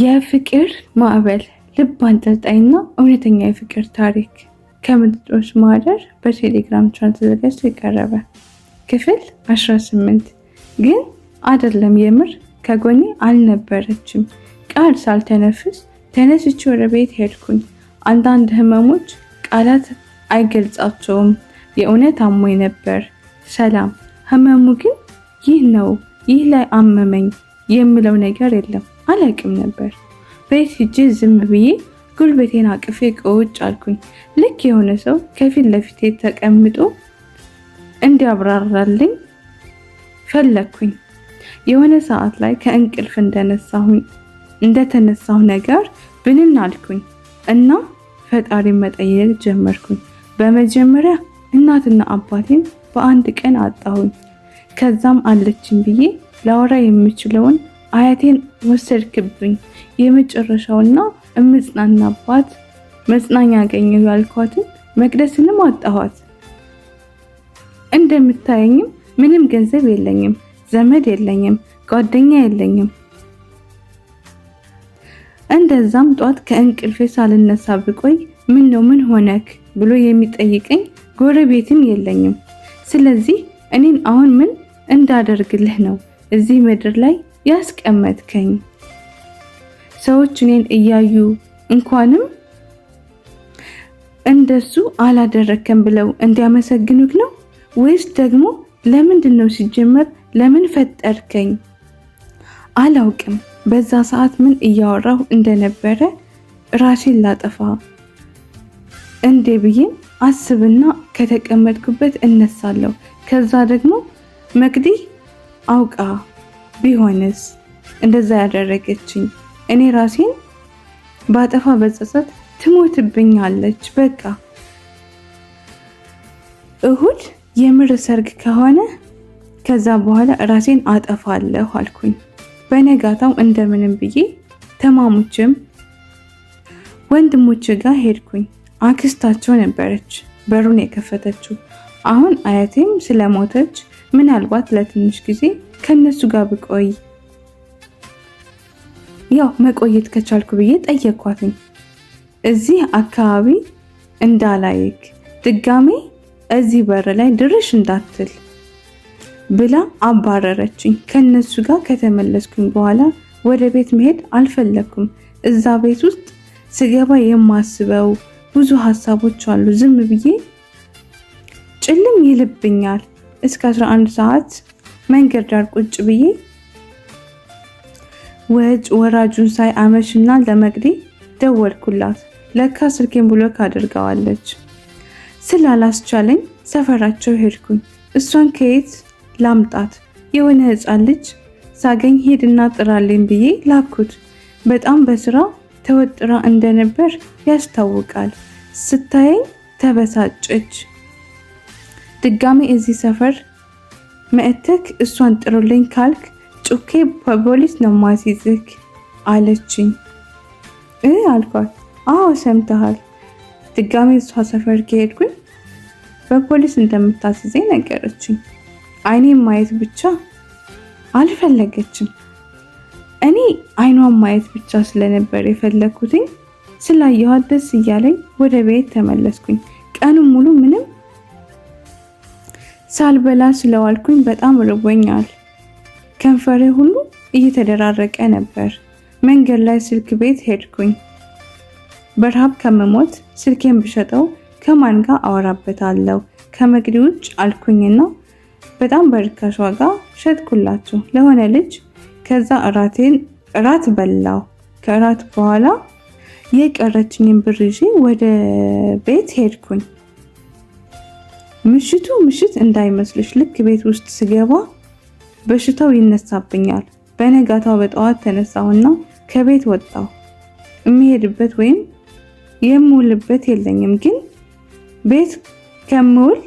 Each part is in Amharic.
የፍቅር ማዕበል ልብ አንጠልጣይና እውነተኛ የፍቅር ታሪክ ከምድጦች ማህደር በቴሌግራም ቻናል ተዘጋጅቶ የቀረበ ክፍል 18 ግን አይደለም የምር ከጎኔ አልነበረችም። ቃል ሳልተነፍስ ተነስቼ ወደ ቤት ሄድኩኝ። አንዳንድ ህመሞች ቃላት አይገልጻቸውም። የእውነት አሞኝ ነበር። ሰላም። ህመሙ ግን ይህ ነው። ይህ ላይ አመመኝ የምለው ነገር የለም። አላቅም ነበር። ቤት ሂጄ ዝም ብዬ ጉልበቴን አቅፌ ቁጭ አልኩኝ። ልክ የሆነ ሰው ከፊት ለፊቴ ተቀምጦ እንዲያብራራልኝ ፈለግኩኝ። የሆነ ሰዓት ላይ ከእንቅልፍ እንደተነሳሁ ነገር ብንን አልኩኝ እና ፈጣሪ መጠየቅ ጀመርኩኝ። በመጀመሪያ እናትና አባቴን በአንድ ቀን አጣሁኝ። ከዛም አለችን ብዬ ላወራ የምችለውን አያቴን ወሰድክብኝ የመጨረሻውና እምጽናናባት መጽናኛ ያገኘው ያልኳትን መቅደስንም አጣኋት። እንደምታየኝም ምንም ገንዘብ የለኝም፣ ዘመድ የለኝም፣ ጓደኛ የለኝም። እንደዛም ጧት ከእንቅልፌ ሳልነሳ ብቆይ ምን ነው ምን ሆነክ ብሎ የሚጠይቀኝ ጎረቤትም የለኝም። ስለዚህ እኔን አሁን ምን እንዳደርግልህ ነው እዚህ ምድር ላይ ያስቀመጥከኝ። ሰዎች እኔን እያዩ እንኳንም እንደሱ አላደረከም ብለው እንዲያመሰግኑክ ነው ወይስ ደግሞ ለምንድን ነው ሲጀመር ለምን ፈጠርከኝ? አላውቅም። በዛ ሰዓት ምን እያወራሁ እንደነበረ ራሴን ላጠፋ እንዴ ብዬም አስብና ከተቀመጥኩበት እነሳለሁ። ከዛ ደግሞ መቅዲ አውቃ ቢሆንስ እንደዛ ያደረገችኝ እኔ ራሴን ባጠፋ በጸጸት ትሞትብኛለች። በቃ እሁድ የምር ሰርግ ከሆነ ከዛ በኋላ ራሴን አጠፋለሁ አልኩኝ። በነጋታው እንደምንም ብዬ ተማሙችም ወንድሞች ጋር ሄድኩኝ። አክስታቸው ነበረች በሩን የከፈተችው። አሁን አያቴም ስለሞተች ምናልባት ለትንሽ ጊዜ ከነሱ ጋር ብቆይ ያው መቆየት ከቻልኩ ብዬ ጠየኳትኝ። እዚህ አካባቢ እንዳላይክ ድጋሜ እዚህ በር ላይ ድርሽ እንዳትል ብላ አባረረችኝ። ከነሱ ጋር ከተመለስኩኝ በኋላ ወደ ቤት መሄድ አልፈለኩም። እዛ ቤት ውስጥ ስገባ የማስበው ብዙ ሀሳቦች አሉ። ዝም ብዬ ጭልም ይልብኛል። እስከ 11 ሰዓት መንገድ ዳር ቁጭ ብዬ ወጭ ወራጁን ሳይ አመሽና ለመቅዲ ደወልኩላት። ለካ ስልኬን ብሎክ አድርገዋለች። ስላላስቻለኝ ሰፈራቸው ሄድኩኝ። እሷን ከየት ላምጣት? የሆነ ህፃን ልጅ ሳገኝ ሄድና ጥራልኝ ብዬ ላኩት። በጣም በስራ ተወጥራ እንደነበር ያስታውቃል። ስታየኝ ተበሳጨች። ድጋሚ እዚህ ሰፈር መእተክ እሷን ጥሩልኝ ካልክ ጩኬ በፖሊስ ነው ማሲዝክ አለችኝ። እ አልኳት። አዎ ሰምተሃል። ድጋሚ እሷ ሰፈር ከሄድኩኝ በፖሊስ እንደምታስዘኝ ነገረችኝ። አይኔ ማየት ብቻ አልፈለገችም። እኔ አይኗን ማየት ብቻ ስለነበር የፈለግኩትኝ ስላየኋት ደስ እያለኝ ወደ ቤት ተመለስኩኝ። ቀኑን ሙሉ ምንም ሳልበላ ስለዋልኩኝ በጣም ርቦኛል። ከንፈሬ ሁሉ እየተደራረቀ ነበር። መንገድ ላይ ስልክ ቤት ሄድኩኝ። በረሃብ ከመሞት ስልኬን ብሸጠው ከማን ጋር አወራበታለሁ? ከመግዲ ውጭ አልኩኝና በጣም በርካሽ ዋጋ ሸጥኩላችሁ ለሆነ ልጅ። ከዛ እራቴን እራት በላው። ከእራት በኋላ የቀረችኝን ብር ይዤ ወደ ቤት ሄድኩኝ። ምሽቱ ምሽት እንዳይመስልሽ። ልክ ቤት ውስጥ ስገባ በሽታው ይነሳብኛል። በነጋታው በጠዋት ተነሳሁና ከቤት ወጣሁ። የሚሄድበት ወይም የምውልበት የለኝም። ግን ቤት ከምውል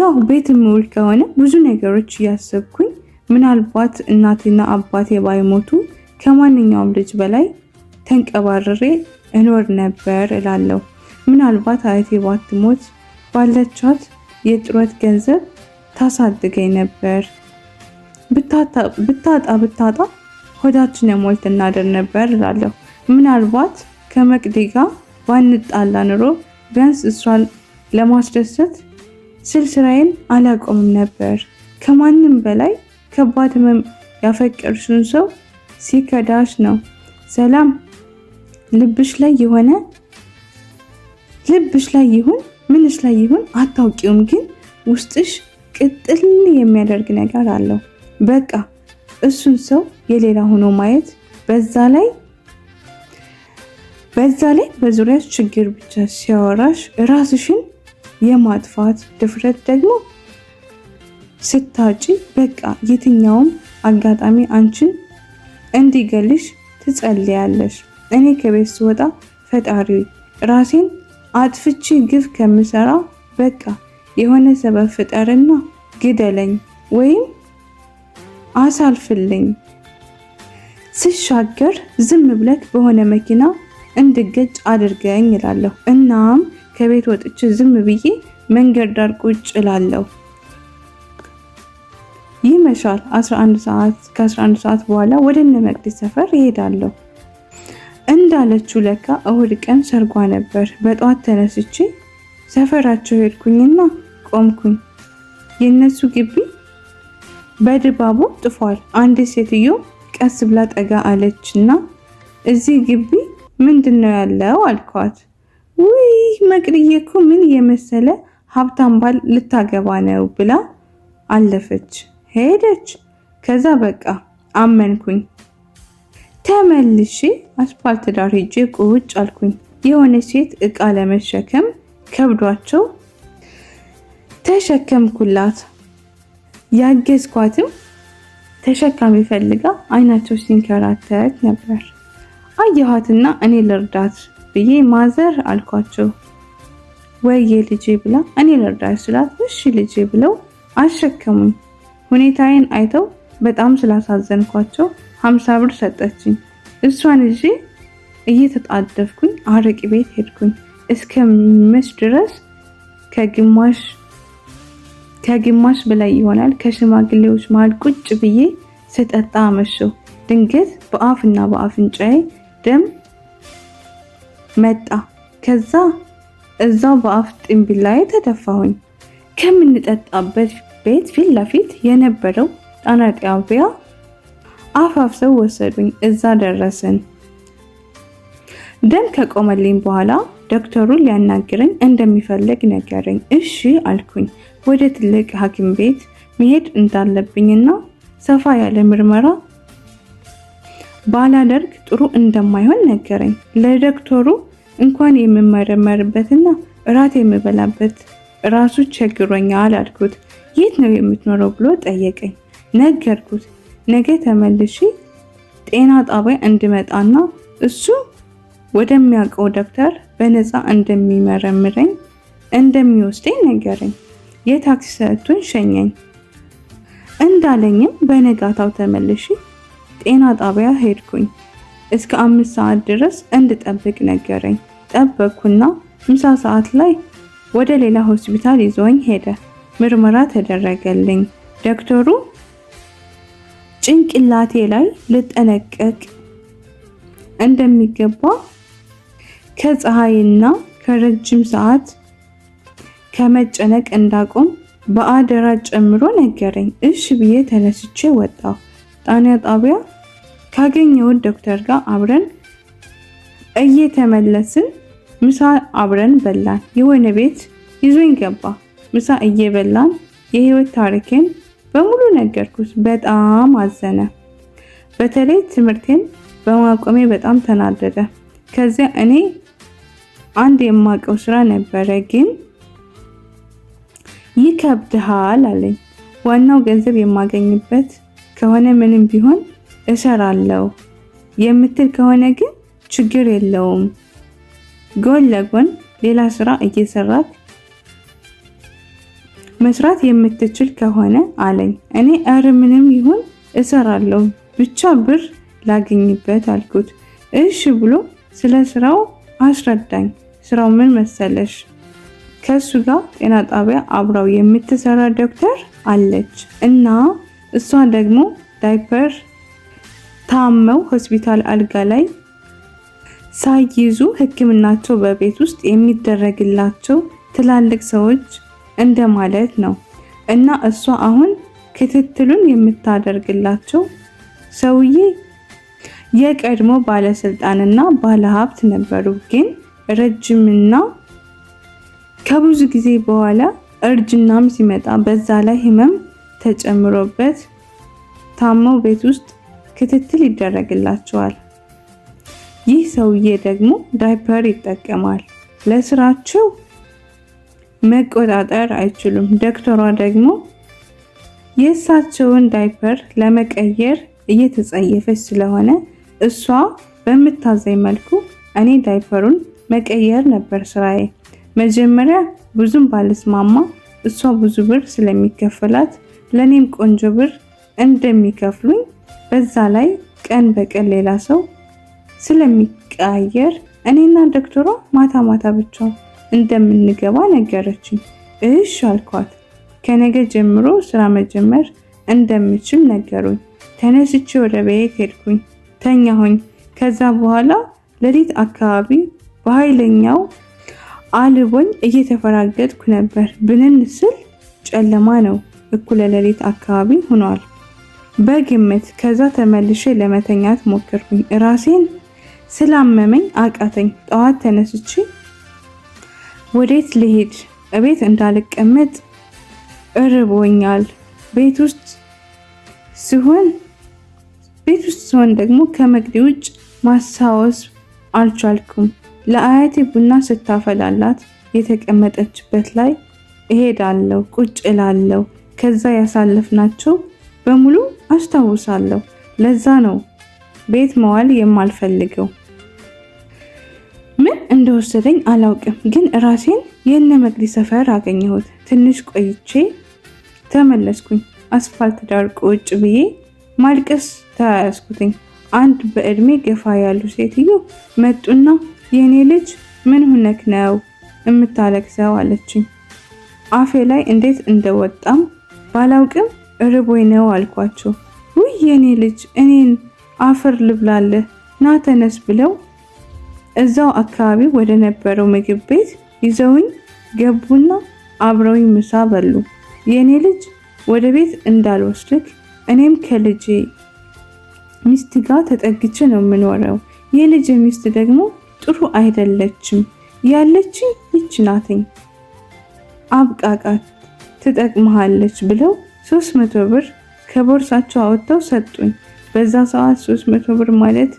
ያው ቤት የምውል ከሆነ ብዙ ነገሮች እያሰብኩኝ ምናልባት እናቴና አባቴ ባይሞቱ ከማንኛውም ልጅ በላይ ተንቀባርሬ እኖር ነበር እላለሁ። ምናልባት አያቴ ባትሞት ባለቻት የጥረት ገንዘብ ታሳድገኝ ነበር። ብታጣ ብታጣ ሆዳችን የሞልት እናደር ነበር እላለሁ። ምናልባት ከመቅዲ ጋር ባንጣላ ኑሮ ቢያንስ እሷን ለማስደሰት ስል ስራዬን አላቆምም ነበር። ከማንም በላይ ከባድ ህመም ያፈቀርሽውን ሰው ሲከዳሽ ነው። ሰላም ልብሽ ላይ የሆነ ልብሽ ላይ ይሁን ምንሽ ላይ ይሁን አታውቂውም፣ ግን ውስጥሽ ቅጥል የሚያደርግ ነገር አለው። በቃ እሱን ሰው የሌላ ሆኖ ማየት በዛ ላይ በዛ ላይ በዙሪያሽ ችግር ብቻ ሲያወራሽ ራስሽን የማጥፋት ድፍረት ደግሞ ስታጪ በቃ የትኛውም አጋጣሚ አንቺን እንዲገልሽ ትጸልያለሽ። እኔ ከቤት ስወጣ ፈጣሪ ራሴን አጥፍቺ ግፍ ከምሰራ በቃ የሆነ ሰበብ ፍጠርና ግደለኝ ወይም አሳልፍልኝ። ስሻገር ዝም ብለክ በሆነ መኪና እንድገጭ አድርገኝ እላለሁ። እናም ከቤት ወጥቼ ዝም ብዬ መንገድ ዳር ቁጭ እላለሁ። ይመሻል። 11 ሰዓት ከ11 ሰዓት በኋላ ወደ እነ መቅደስ ሰፈር ይሄዳለሁ። እንዳለችው ለካ እሁድ ቀን ሰርጓ ነበር። በጠዋት ተነስቼ ሰፈራቸው ሄድኩኝና ቆምኩኝ። የእነሱ ግቢ በድባቡ ጥፏል። አንድ ሴትዮ ቀስ ብላ ጠጋ አለችና እዚህ ግቢ ምንድን ነው ያለው አልኳት። ውይ መቅድዬ እኮ ምን የመሰለ ሀብታም ባል ልታገባ ነው ብላ አለፈች ሄደች። ከዛ በቃ አመንኩኝ። ተመልሼ አስፓልት ዳር ሄጄ ቁጭ አልኩኝ። የሆነ ሴት እቃ ለመሸከም ከብዷቸው ተሸከምኩላት። ያገዝኳትም ተሸካሚ ፈልጋ አይናቸው ሲንከራተት ነበር። አየኋትና እኔ ልርዳት ብዬ ማዘር አልኳቸው። ወይዬ ልጄ ብላ እኔ ልርዳት ስላት እሺ ልጄ ብለው አሸከሙኝ። ሁኔታዬን አይተው በጣም ስላሳዘንኳቸው ሀምሳ ብር ሰጠችኝ። እሷን ይዤ እየተጣደፍኩኝ አረቂ ቤት ሄድኩኝ። እስከ ምስ ድረስ ከግማሽ ከግማሽ በላይ ይሆናል ከሽማግሌዎች መሃል ቁጭ ብዬ ስጠጣ አመሸው። ድንገት በአፍና በአፍንጫዬ ደም መጣ። ከዛ እዛው በአፍ ጥንቢላዬ ተደፋሁኝ። ከምንጠጣበት ቤት ፊት ለፊት የነበረው ጣና ጣቢያ አፋፍሰው ወሰዱኝ። እዛ ደረስን። ደም ከቆመልኝ በኋላ ዶክተሩ ሊያናግረኝ እንደሚፈልግ ነገረኝ። እሺ አልኩኝ። ወደ ትልቅ ሐኪም ቤት መሄድ እንዳለብኝና ሰፋ ያለ ምርመራ ባላደርግ ጥሩ እንደማይሆን ነገረኝ። ለዶክተሩ እንኳን የምመረመርበትና እራት የምበላበት ራሱ ቸግሮኛል አልኩት። የት ነው የምትኖረው ብሎ ጠየቀኝ። ነገርኩት። ነገ ተመልሼ ጤና ጣቢያ እንድመጣና እሱ ወደሚያውቀው ዶክተር በነፃ እንደሚመረምረኝ እንደሚወስደኝ ነገረኝ። የታክሲ ሰቱን ሸኘኝ እንዳለኝም በነጋታው ተመልሼ ጤና ጣቢያ ሄድኩኝ። እስከ አምስት ሰዓት ድረስ እንድጠብቅ ነገረኝ። ጠበቅኩና ምሳ ሰዓት ላይ ወደ ሌላ ሆስፒታል ይዞኝ ሄደ። ምርመራ ተደረገልኝ። ዶክተሩ ጭንቅላቴ ላይ ልጠነቀቅ እንደሚገባ ከፀሐይና ከረጅም ሰዓት ከመጨነቅ እንዳቆም በአደራ ጨምሮ ነገረኝ። እሽ ብዬ ተነስቼ ወጣሁ። ጣና ጣቢያ ካገኘሁት ዶክተር ጋር አብረን እየተመለስን ምሳ አብረን በላን። የሆነ ቤት ይዞኝ ገባ። ምሳ እየበላን የህይወት ታሪኬን በሙሉ ነገርኩት። በጣም አዘነ። በተለይ ትምህርቴን በማቆሜ በጣም ተናደደ። ከዚያ እኔ አንድ የማቀው ስራ ነበረ፣ ግን ይከብድሃል አለኝ። ዋናው ገንዘብ የማገኝበት ከሆነ ምንም ቢሆን እሰራለሁ የምትል ከሆነ ግን ችግር የለውም። ጎን ለጎን ሌላ ስራ እየሰራት መስራት የምትችል ከሆነ አለኝ። እኔ እር ምንም ይሁን እሰራለሁ ብቻ ብር ላገኝበት አልኩት። እሺ ብሎ ስለ ስራው አስረዳኝ። ስራው ምን መሰለሽ? ከሱ ጋር ጤና ጣቢያ አብራው የምትሰራ ዶክተር አለች እና እሷ ደግሞ ዳይፐር ታመው ሆስፒታል አልጋ ላይ ሳይይዙ ሕክምናቸው በቤት ውስጥ የሚደረግላቸው ትላልቅ ሰዎች እንደማለት ነው እና እሷ አሁን ክትትሉን የምታደርግላቸው ሰውዬ የቀድሞ ባለስልጣንና ባለሀብት ነበሩ። ግን ረጅምና ከብዙ ጊዜ በኋላ እርጅናም ሲመጣ በዛ ላይ ህመም ተጨምሮበት ታመው ቤት ውስጥ ክትትል ይደረግላቸዋል። ይህ ሰውዬ ደግሞ ዳይፐር ይጠቀማል ለስራቸው መቆጣጠር አይችሉም። ዶክተሯ ደግሞ የእሳቸውን ዳይፐር ለመቀየር እየተጸየፈች ስለሆነ እሷ በምታዘኝ መልኩ እኔ ዳይፐሩን መቀየር ነበር ስራዬ። መጀመሪያ ብዙም ባልስማማ እሷ ብዙ ብር ስለሚከፈላት ለእኔም ቆንጆ ብር እንደሚከፍሉኝ በዛ ላይ ቀን በቀን ሌላ ሰው ስለሚቀያየር እኔና ዶክተሯ ማታ ማታ ብቻው። እንደምንገባ ነገረችኝ። እሽ አልኳት። ከነገ ጀምሮ ስራ መጀመር እንደምችል ነገሩኝ። ተነስቼ ወደ ቤት ሄድኩኝ። ተኛሁኝ። ከዛ በኋላ ሌሊት አካባቢ በኃይለኛው አልቦኝ እየተፈራገጥኩ ነበር። ብንን ስል ጨለማ ነው። እኩለ ሌሊት አካባቢ ሆኗል በግምት። ከዛ ተመልሼ ለመተኛት ሞከርኩኝ። ራሴን ስላመመኝ አቃተኝ። ጠዋት ተነስቼ ወዴት ልሄድ? እቤት እንዳልቀመጥ እርቦኛል። ቤት ውስጥ ሲሆን ቤት ውስጥ ሲሆን ደግሞ ከመግዲ ውጭ ማስታወስ አልቻልኩም። ለአያቴ ቡና ስታፈላላት የተቀመጠችበት ላይ እሄዳለሁ፣ ቁጭ እላለሁ። ከዛ ያሳለፍናቸው በሙሉ አስታውሳለሁ። ለዛ ነው ቤት መዋል የማልፈልገው። እንደወሰደኝ አላውቅም፣ ግን ራሴን የነ መቅዲ ሰፈር አገኘሁት። ትንሽ ቆይቼ ተመለስኩኝ። አስፋልት ዳር ቁጭ ብዬ ማልቀስ ተያያዝኩትኝ። አንድ በእድሜ ገፋ ያሉ ሴትዮ መጡና የእኔ ልጅ ምን ሁነክ ነው የምታለቅሰው አለችኝ። አፌ ላይ እንዴት እንደወጣም ባላውቅም ርቦይ ነው አልኳቸው። ውይ የእኔ ልጅ እኔን አፈር ልብላለህ ና ተነስ ብለው እዛው አካባቢ ወደ ነበረው ምግብ ቤት ይዘውኝ ገቡና አብረውኝ ምሳ በሉ። የእኔ ልጅ ወደ ቤት እንዳልወስድክ እኔም ከልጄ ሚስት ጋር ተጠግቼ ነው የምኖረው። የልጅ ሚስት ደግሞ ጥሩ አይደለችም። ያለችኝ ይች ናትኝ። አብቃቃት ትጠቅመሃለች ብለው ሶስት መቶ ብር ከቦርሳቸው አወጥተው ሰጡኝ። በዛ ሰዓት ሶስት መቶ ብር ማለት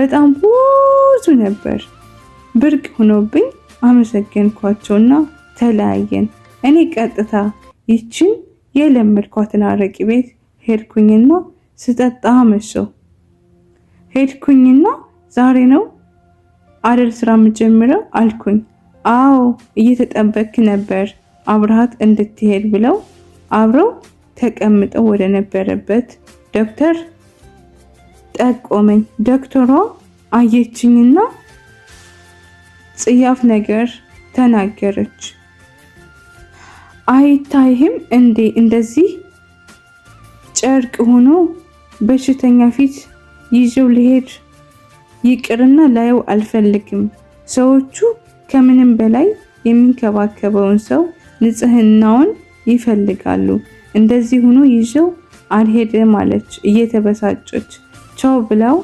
በጣም ብዙ ነበር። ብርቅ ሆኖብኝ አመሰገንኳቸውና ተለያየን። እኔ ቀጥታ ይችን የለመድኳትን አረቂ ቤት ሄድኩኝና ስጠጣ መሶ ሄድኩኝና ዛሬ ነው አደል ስራ የምጀምረው አልኩኝ። አዎ እየተጠበክ ነበር አብርሃት እንድትሄድ ብለው አብረው ተቀምጠው ወደ ነበረበት ዶክተር ጠቆመኝ። ዶክተሯ አየችኝና ጽያፍ ነገር ተናገረች። አይታይህም እንዴ እንደዚህ ጨርቅ ሆኖ በሽተኛ ፊት ይዤው ልሄድ ይቅርና ላየው አልፈልግም። ሰዎቹ ከምንም በላይ የሚንከባከበውን ሰው ንጽህናውን ይፈልጋሉ። እንደዚህ ሆኖ ይዤው አልሄድም አለች እየተበሳጨች። ቻው ብለው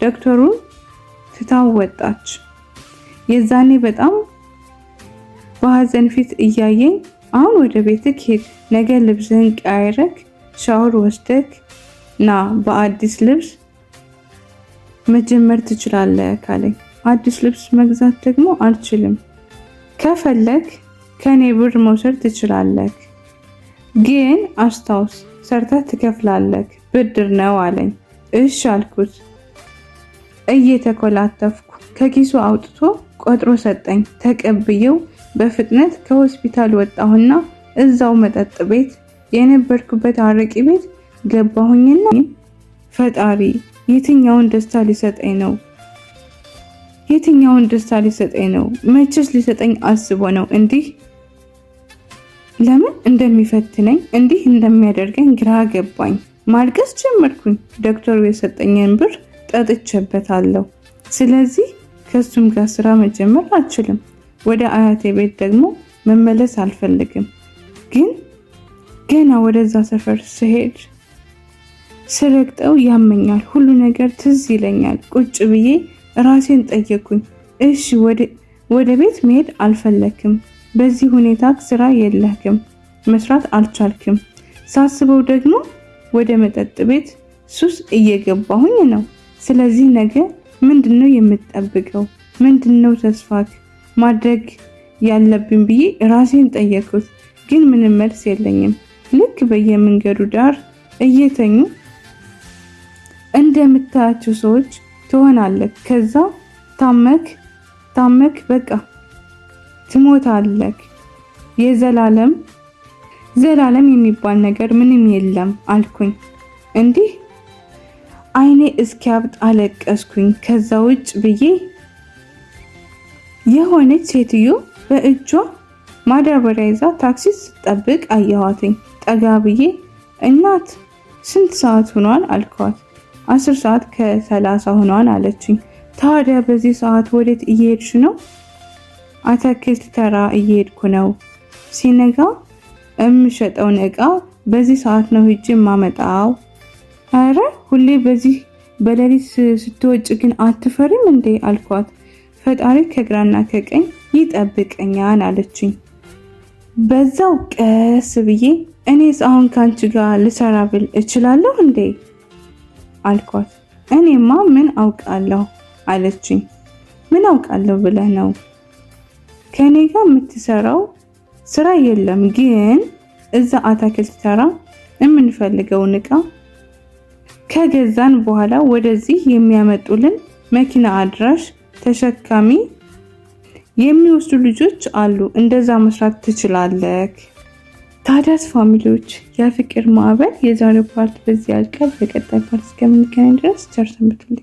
ዶክተሩን ትታው ወጣች። የዛኔ በጣም በሀዘን ፊት እያየኝ አሁን ወደ ቤትክ ሄድ፣ ነገ ልብስህን ቀያይረክ ሻወር ወስደክ ና በአዲስ ልብስ መጀመር ትችላለህ ካለኝ፣ አዲስ ልብስ መግዛት ደግሞ አልችልም። ከፈለክ ከኔ ብር መውሰድ ትችላለክ፣ ግን አስታውስ ሰርተህ ትከፍላለክ፣ ብድር ነው አለኝ። እሽ አልኩት። እየተኮላተፍኩ ከኪሱ አውጥቶ ቆጥሮ ሰጠኝ። ተቀብየው በፍጥነት ከሆስፒታል ወጣሁና እዛው መጠጥ ቤት የነበርኩበት አረቂ ቤት ገባሁኝና ፈጣሪ የትኛውን ደስታ ሊሰጠኝ ነው? የትኛውን ደስታ ሊሰጠኝ ነው? መቼስ ሊሰጠኝ አስቦ ነው እንዲህ ለምን እንደሚፈትነኝ እንዲህ እንደሚያደርገኝ ግራ ገባኝ። ማልቀስ ጀመርኩኝ። ዶክተሩ የሰጠኝን ብር ጠጥቼበታለሁ። ስለዚህ ከሱም ጋር ስራ መጀመር አልችልም። ወደ አያቴ ቤት ደግሞ መመለስ አልፈልግም። ግን ገና ወደዛ ሰፈር ስሄድ ስረግጠው ያመኛል። ሁሉ ነገር ትዝ ይለኛል። ቁጭ ብዬ ራሴን ጠየኩኝ። እሺ ወደ ቤት መሄድ አልፈለክም። በዚህ ሁኔታ ስራ የለህም፣ መስራት አልቻልክም። ሳስበው ደግሞ ወደ መጠጥ ቤት ሱስ እየገባሁኝ ነው። ስለዚህ ነገ ምንድነው የምጠብቀው? ምንድነው ተስፋክ ማድረግ ያለብን ብዬ ራሴን ጠየኩት፣ ግን ምንም መልስ የለኝም። ልክ በየመንገዱ ዳር እየተኙ እንደምታያቸው ሰዎች ትሆናለህ። ከዛ ታመክ ታመክ፣ በቃ ትሞታለህ የዘላለም ዘላለም የሚባል ነገር ምንም የለም አልኩኝ። እንዲህ አይኔ እስኪያብጥ አለቀስኩኝ። ከዛ ውጭ ብዬ የሆነች ሴትዮ በእጇ ማዳበሪያ ይዛ ታክሲ ስትጠብቅ አየኋትኝ። ጠጋ ብዬ እናት ስንት ሰዓት ሆኗል አልኳት። አስር ሰዓት ከሰላሳ ሆኗል አለችኝ። ታዲያ በዚህ ሰዓት ወዴት እየሄድሽ ነው? አትክልት ተራ እየሄድኩ ነው። ሲነጋ የምሸጠውን እቃ በዚህ ሰዓት ነው ሂጅ የማመጣው። አረ ሁሌ በዚህ በሌሊት ስትወጭ ግን አትፈሪም እንዴ አልኳት። ፈጣሪ ከግራና ከቀኝ ይጠብቀኛል አለችኝ። በዛው ቀስ ብዬ እኔስ አሁን ከአንቺ ጋር ልሰራ ብል እችላለሁ እንዴ አልኳት። እኔማ ምን አውቃለሁ አለችኝ። ምን አውቃለሁ ብለህ ነው ከኔ ጋር የምትሰራው ስራ የለም፣ ግን እዛ አታክልት ተራ የምንፈልገውን እቃ ከገዛን በኋላ ወደዚህ የሚያመጡልን መኪና አድራሽ ተሸካሚ የሚወስዱ ልጆች አሉ። እንደዛ መስራት ትችላለህ። ታዲያስ ፋሚሊዎች የፍቅር ማዕበል የዛሬው ፓርት በዚህ ያልቃል። በቀጣይ ፓርት እስከምንገናኝ ድረስ ቸር ሰንብቱልኝ።